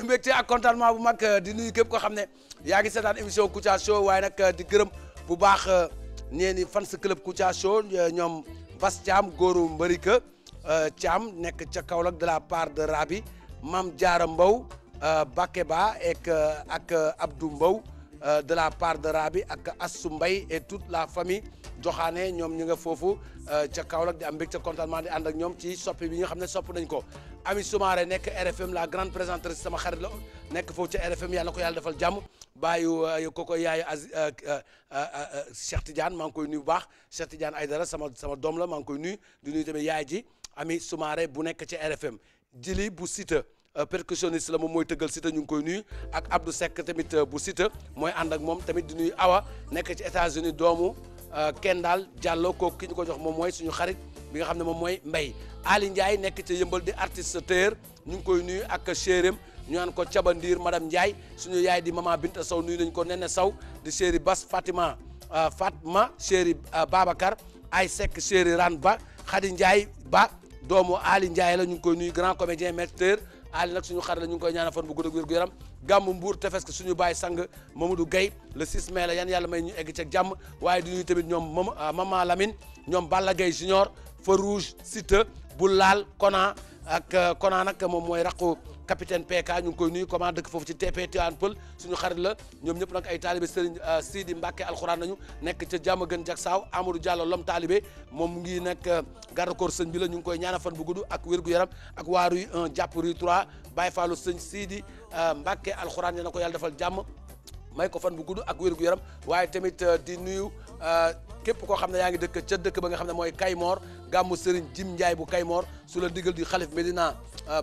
mbégte ak bu mag di nuyu képp ko xam ne yaa ngi seetaan émission Kouthia Show waaye nag di gërëm bu baax nee ni fans club Kouthia Show ñoom Bas Thiam góoru Mbarika Thiam nekk ca Kaolack de la part de Rabi Mam Diarra Mbow Bakke Ba ek ak Abdou Mbow de la part de Rabi ak Assou mbay et toute la famille joxaane ñoom ñu nga foofu euh, ca Kaolack di am mbégte contentement di ànd ak ñoom ci soppi bi nga xam ne sopp nañ ko Ami Soumaré nekk RFM la grand présentatrice sama xarit la nekk foofu ca RFM yàlla ko yàlla defal jàmm bàyyu koko yaayu as Cheikh Tidiane maa ngi koy nuyu bu baax Cheikh Tidiane Aydara sama sama doom la maa ngi koy nuyu di nuyu tamit yaay ji Ami Soumaré bu nekk ca RFM jili bu site euh, percussionniste la moom mooy tëggal Siteu ñu ngi koy nuyu ak Abdou sekk tamit euh, bu Siteu mooy ànd ak moom tamit di nuyu Awa nekk ci États-Unis doomu Euh, kenn daal jàlloo ko ki ñu ko jox moom mooy suñu xarit bi nga xam ne moom mooy mbay Ali Ndiaye nekk ca yëmbal di artiste tailleur ñu ngi koy nuyu ak chérim ñu naan ko cabandiir madame Ndiaye suñu yaay di maman Binta Sow nuyu nañ ko Nene saw di chéri Bas Fatima euh, Fatma chéri euh, Babacar ay Seck chéri Ran Ba Khady Ndiaye Ba doomu Ali Ndiaye la ñu ngi koy nuyu grand comédien maître Ali nag suñu xarit la ñu ngi koy ñaanal fan bu gudd ak wér yaram gàmmu Mbour tefes suñu baay sang Mamadou Guèye le 6 mai la yan yàlla may ñu egg ca jàmm waaye du ñuy tamit ñoom ah, mama Mama ñoom Balla gay junior Feu Rouge Siteu bu laal Kona ak euh, Kona nag moom mooy raqu capitaine PK ñu ngi koy nuyu comment dëkk foofu ci TP Tivaouane Peulh suñu xarit la ñoom ñëpp nag ay taalibe Serigne euh, Sidi Mbacke alxuraan nañu nekk ca jàmm gën jak saaw Amadou Diallo lom taalibe moom ngi nekk euh, garrakoor sëñ bi la ñu ngi koy ñaana fan bu gudd ak wér gu yaram ak waa jàpp rue 3 Baye sëñ Sidi Euh, Mbàkke alxuraan yal na ko yàlla defal jàmm may ko fan bu gudd ak wér yaram waaye tamit euh, di nuyu euh, képp koo xam ne yaa ngi dëkk ca dëkk ba nga xam ne mooy Kaymoor gàmmu Serigne Jim Ndiaye bu Kaymoor su la digal di xalif Medina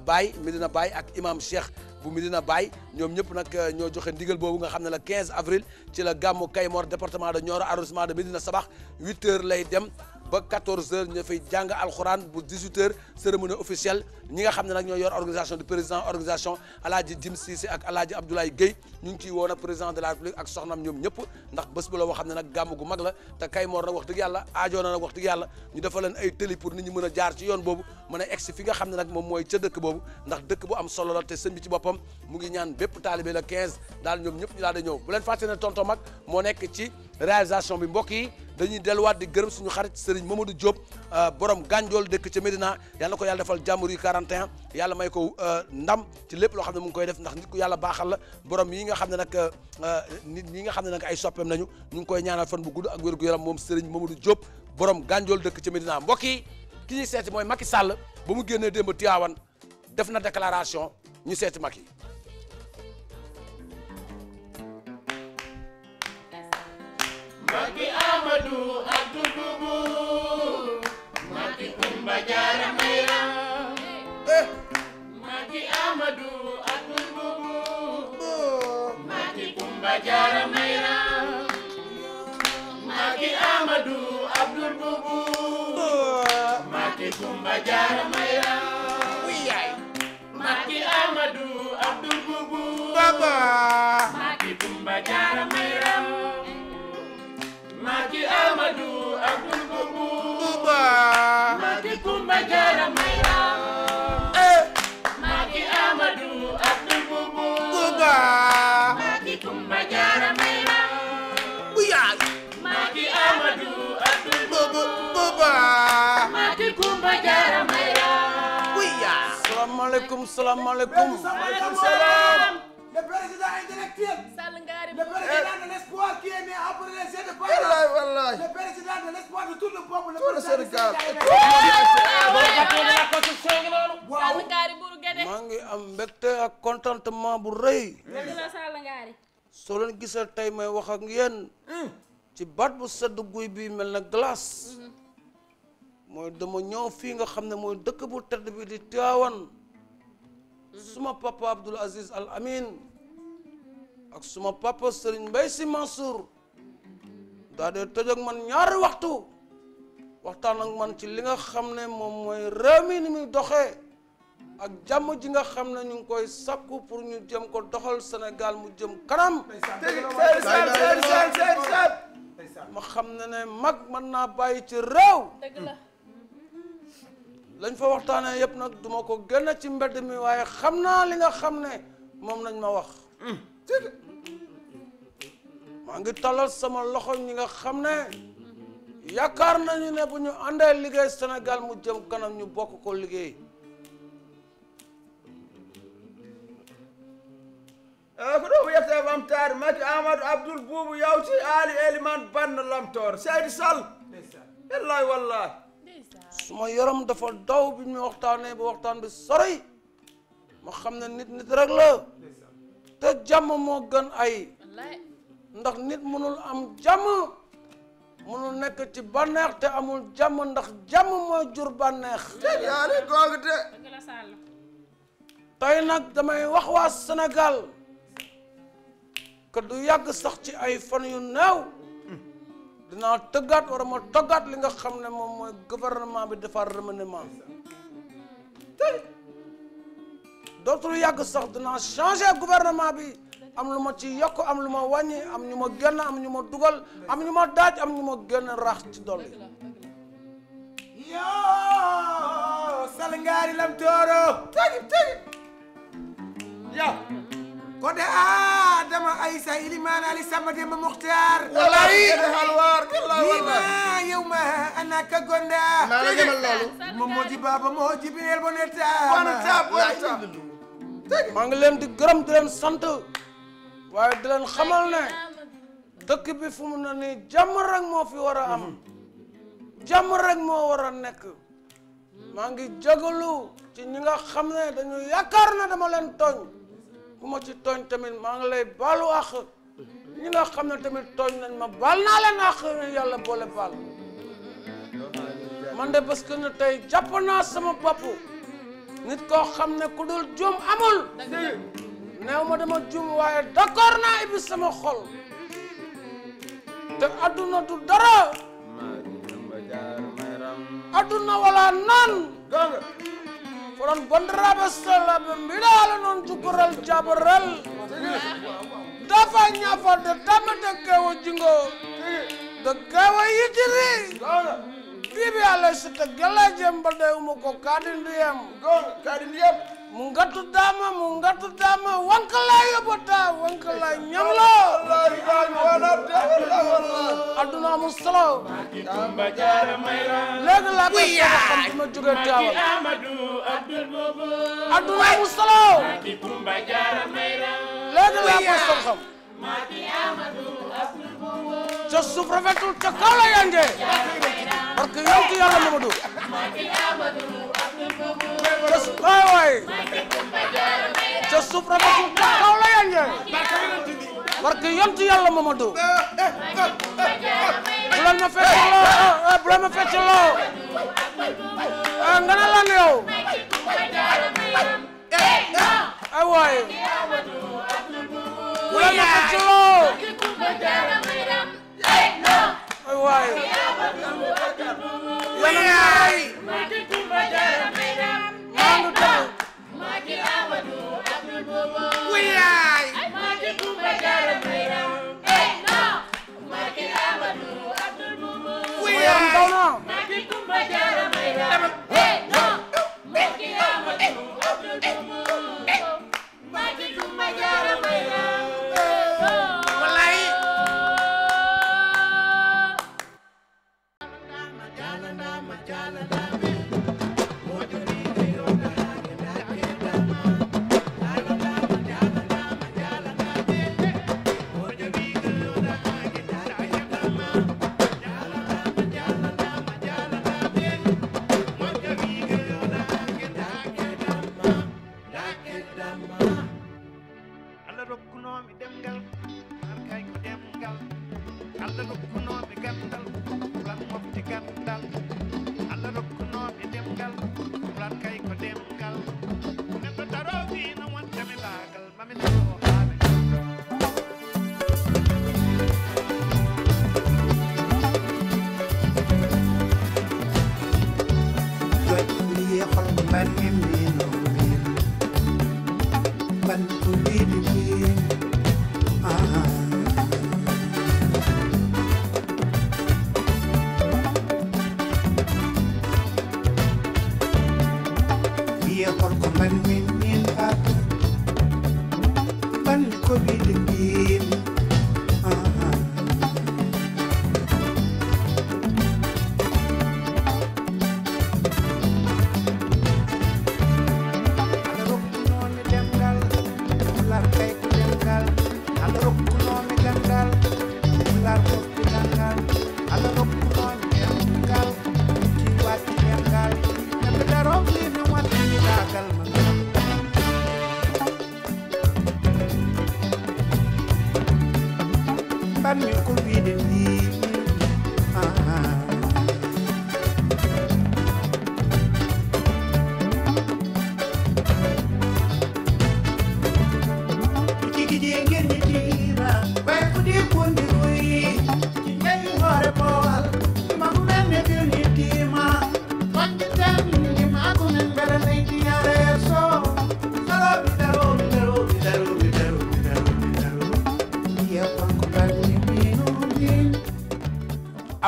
Baye Medina Baye ak imam Cheikh bu Medina baay ñoom ñëpp nag ñoo joxe ndigal boobu nga xam ne la 15 avril ci la gàmmu Kaymoor département de Nioro arrondissement de Medina Sabax 8 heures lay dem ba 14h ñu fay jàng alxuraan bu 18h cérémonie officielle ñi nga xam ne nag ñoo yor organisation du président organisation El Hadj Jim Cissé ak El Hadj Abdoulaye Guèye ñu ngi woo nag président de la république ak soxnam ñoom ñëpp ndax bés bu la boo xam ne nag gàmm gu mag la te Kaymoor nag wax dëgg yàlla aajoon na nag wax dëgg yàlla ñu defal leen ay tëli pour nit ñi mën a jaar ci yoon boobu mën a egsi fi nga xam ne nag moom mooy ca dëkk boobu ndax dëkk bu am solo la te sëñ mu ngi ñaan bépp taalibe la 15 daal ñoom ñëpp ñu daal di ñëw bu leen fàtte ne réalisation bi mbokk yi dañuy delluwaat di gërëm suñu xarit Serigne Mamadou Diop euh, borom gànjool dëkk ca Médina yàlla na ko yàlla defal jàmm rue 41 yàlla may ko euh, ndam ci lépp loo xam ne mu ngi koy def ndax nit ku yàlla baaxal la borom yi nga xam ne nag euh, nit ñi nga xam ne nag ay soppeem nañu ñu ngi koy ñaanal fan bu gudd ak wér-gu-yaram moom Serigne Mamadou Diop borom gànjool dëkk ca Médina mbokk yi ki ñuy seeti mooy Macky Sall ba mu génnee démb Tivaouane def na déclaration ñu seeti Macky Maki Amadou Abdou Maki Kumba Jaara Mayra eh. Maki Amadou Abdou oh. Maki Kumba Jaara Mayra Macky Amadou Abdoul Boubou Touba Macky Coumba Diarra Mayra eh Macky Amadou Abdoul Boubou Touba Macky Coumba Diarra Mayra Bouya Macky Amadou Abdoul Boubou Touba Macky Coumba Diarra Mayra Bouya Salaamaaleykum salaamaaleykum Waaleykum salaam Le président intellectuel Sall Ngari Le président de l'espoir qui est né après les jeux de Paris wallaay. le maa ngi am mbégte ak contentement bu rëy. soo leen gisee tey may wax ak yéen. Hmm. ci baat bu sedd guy bi mel na glace. Mhm. mooy dama ñëw fii nga xam ne mooy dëkk bu tedd bi di Tiwaawan. Mhm. suma papa Abdoul Aziz Al Amin. ak suma papa Serigne Mbaye Sy Mansour. daa dee tëj man ñaari waxtu waxtaan ak man ci li nga xam ne moom mooy réew mi ni muy doxee ak jàmm ji nga xam ne ñu ngi koy sakku pour ñu jëm ko doxal Sénégal mu jëm kanam ma xam ne ne mag mën naa bàyyi ci réew lañ fa waxtaanee yëpp nag duma ko génn ci mbedd mi waaye xam naa li nga xam ne moom lañ ma wax maa ngi talal sama loxo ñi nga xam ne yaakaar nañu ne bu ñu àndee liggéey Sénégal mu jëm kanam ñu bokk ko liggéey eh, ko ɗo wiyete ɓamtare makki amadou abdoul boubou yawti aali eliman banna lamtore seydi sall wallahi wallahi suma yaram dafa daw bi ñu waxtaane ba waxtaan bi sori ma xam ne nit nit rek la te jàmm moo gën ay ndax nit mënul am jàmm mënul nekk ci bànneex te amul jàmm ndax jàmm mooy jur bànneex yaali googu de tey nag damay wax waa Sénégal que du yàgg sax ci ay fan yu néew dinaa tëggaat wara ma tëggaat li nga xam ne moom mooy gouvernement bi defar remaniement dootul yàgg sax dinaa changer gouvernement bi am lu ma ci yokk am lu ma wàññi am ñu ma génn am ñu ma dugal am ñu ma daaj am ñu ma génn rax ci dolli yoo sal ngaari lam tooro tëgib tëgib ya ko de adama ah, aysa iliman ali samba demba muxtaar wallahi halwar wallahi wallahi yawma anaka gonda ma la demal loolu moom moo ji baaba moo ji bineel boneta boneta boneta maa ngi leen di gërëm di leen sant waaye di leen xamal ne dëkk bi fu mu ne nii jàmm rek moo fi war a am jàmm rek moo war a nekk maa ngi jagalu ci ñi nga xam ne dañu yaakaar na dama leen tooñ ku ma ci tooñ tamit maa ngi lay baalu àq ñi xam ne tamit tooñ nañ ma baal naa leen àq yàlla boole baal man de parce que tey jàpp naa sama bopp nit koo xam ne ku dul juum amul neew ma dama jum waaye d'accord naa ibbi sama xol te adduna du dara adduna wala nan konon banndiraaɓe sehlaɓe mbiɗaala noon jukoral jaboral dafa ñafande tamede gewo jingo de gewo yitiri fiɓe alay sitta gelaje mbaɗe umo ko kaadi ndiyam kaadi mungatu dama mungatu dama wankala yobota wankala ñamlo aduna amul solo léegi laa koy xam ma jóge taawal aduna amul solo léegi laa koy xam ca suuf rafetul ca kaw la yànge parce que yow ki yàlla Mamadou waay waay ca suuf rafetul kaw la yan yee barke yontu yàlla Mamadou bu leen ma fecc loo eh, bu leen ma fecc loo eh, nga ne lan yow ay eh, waay bu ma fecc loo ay Hey, no!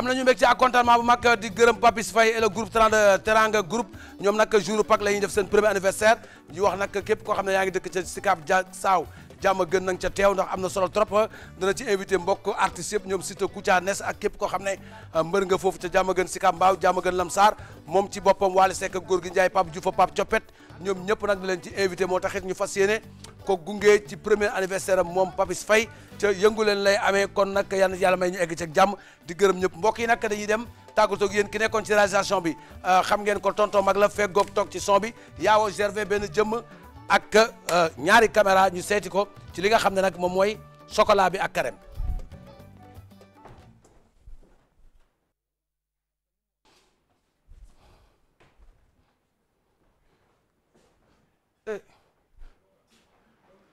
am ñu mbégte ak contentement bu mag di gërëm Papis Faye et le groupe Teranga groupe ñoom nag jour Pâques la ñuy def seen premier anniversaire di wax nag képp koo xam ne yaa ngi dëkk ca Sicap ja Saaw jàmm gën nañ ca teew ndax am na solo trop na ci invité mbokk artistes yëpp ñoom ku Kouthia Ness ak képp koo xam ne euh, mbër nga foofu ca jàmm gën Sicap Mbao jàmm gën Lamsar moom ci boppam Wally Seck góor gi Ndiaye Pape Diouf Pape Copet ñoom ñëpp nag leen ci invité moo taxit ñu fas yéene ko gunge ci premier anniversaire moom Papis Faye ca yëngu leen lay amee kon nag yàlla yàlla may ñu egg ci jàmm di gërëm ñëpp mbokk yi nag dañuy dem tàggatoo ak yéen ki nekkoon ci réalisation bi euh, xam ngeen ko tonton mag la feggoog toog ci son bi yaaw gervé benn jëmm ak euh, ñaari caméra ñu seeti ko ci li nga xam ne nag moom mooy chocolat bi ak carême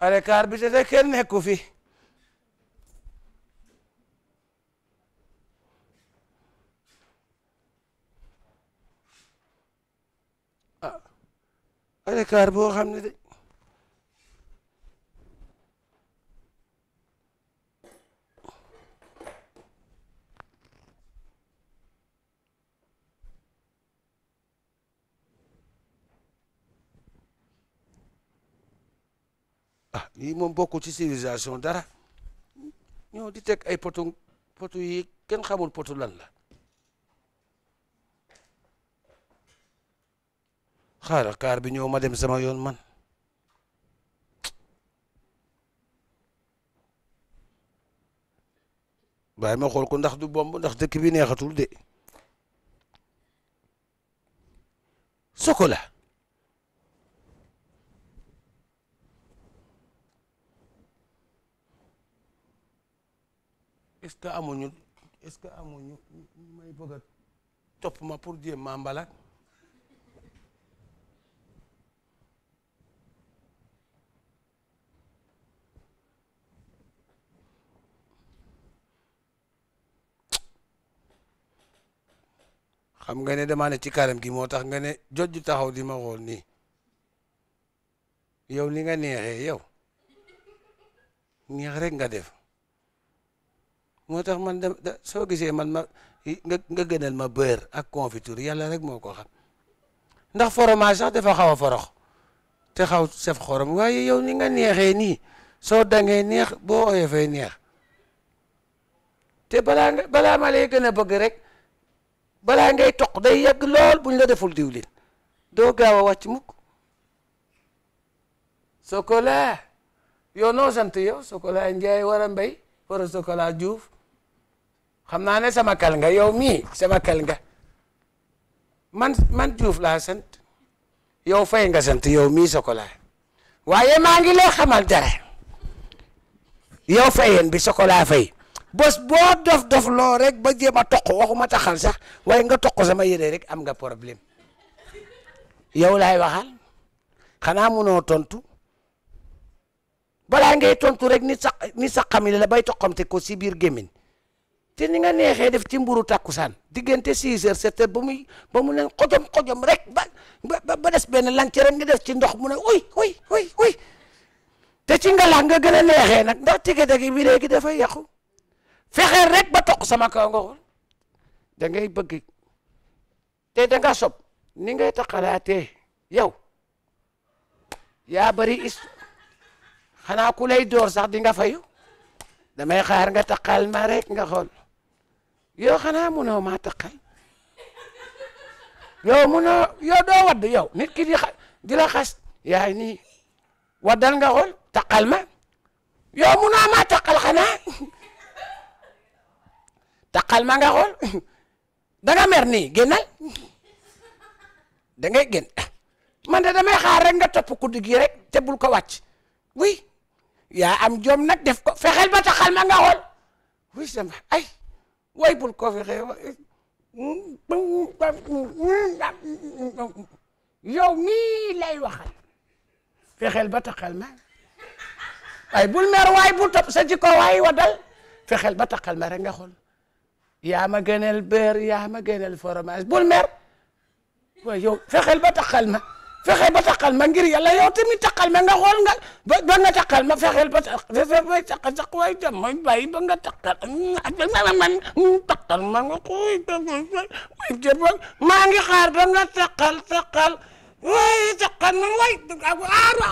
arekaar bi te kenn nekku fi ah arekaar boo xam ne de ah yii moom bokkul ci civilisation dara ñoo di teg ay potu potu yi kenn xamul potu lan la xaaral kaar bi ñëw ma dem sama yoon man bàyyi ma xool ko ndax du bomb ndax dëkk bi neexatul de Sokola est-ce amuñu est-ce que amuñu may bëgg a topp ma pour jéem ma mbalak xam nga ne damaa ne ci karam gi moo tax nga ne jojju taxaw di ma xool nii yow ni nga neexee yow neex rek nga def moo tax man de soo gisee man ma nga gënal ma beurre ak confiture yàlla rek moo ko xam ndax fromage sax dafa xaw a forox te xaw sef xorom waaye yow ni nga neexee nii soo dangee neex boo oyofee neex te balaa nga balaa ma gën a bëgg rek balaa ngay toq day yàgg lool buñ la deful diwlin doo gaaw a wàcc mukk Sokola yow noo sant yow Sokola Njaay war a mbay war a Sokola Juuf xam naa ne sama kal nga yow mii sama kal nga man man Diouf laa sant yow fay nga sant yow mii sokolaa waaye maa ngi lay xamal dara yow fayeen bi sokolaa fay bos boo dof dof loo rek ba jéem a toq waxuma taxal sax waaye nga toq sama yére rek am nga problème yow laay waxal xanaa munoo tontu balaa ngay tontu rek ni sa ni sa xamile la bay toqamte ko si biir gémmiñ te ni nga neexee def ci mburu tàkkusaan diggante 6 heures 7 heures ba muy ba mu ne xojom xojom rek ba ba des benn lancer rek nga def ci ndox mu ne uy uy uy uy te ci ngalax nga gën a neexee nag ndax ticket gi bi léegi dafay yàqu fexeel rek ba toq sama kaw nga xool da te da nga sob ni ngay taxalaatee yow ya bari is xanaa ku lay door sax di nga fayu damay xaar nga taqal ma rek nga xool yow xanaa munoo maa taqal yow munoo yow doo wadd yow nit ki di di la xas yaay nii waddal nga xool taqal ma yow munoo maa taqal xanaa taqal ma nga xool danga mer nii génnal dangay génn man de damay xaar rek nga topp kuddi gi rek te bul ko wàcc oui yaa am jom nag def ko fexeel ba taqal ma nga xool oui sama ay. way kofi xewa yow mii lay ba taxal ma waaye bul mer waay bu topp sa jikko wadal fexeel ba taxal ma rek nga xool yaa ma gënal beer yaa ma gënal fromage bul mer waaye yow fexeel ba taxal ma fexe ba takkal ma ngir yàlla yow tamit takkal ma nga xool nga ba ba nga takkal ma fexeel ba tax takkal sax waaye dem ma bàyyi ba takkal ma nga xool maa ngi xaar ba nga takkal takkal waaye takkal ma waay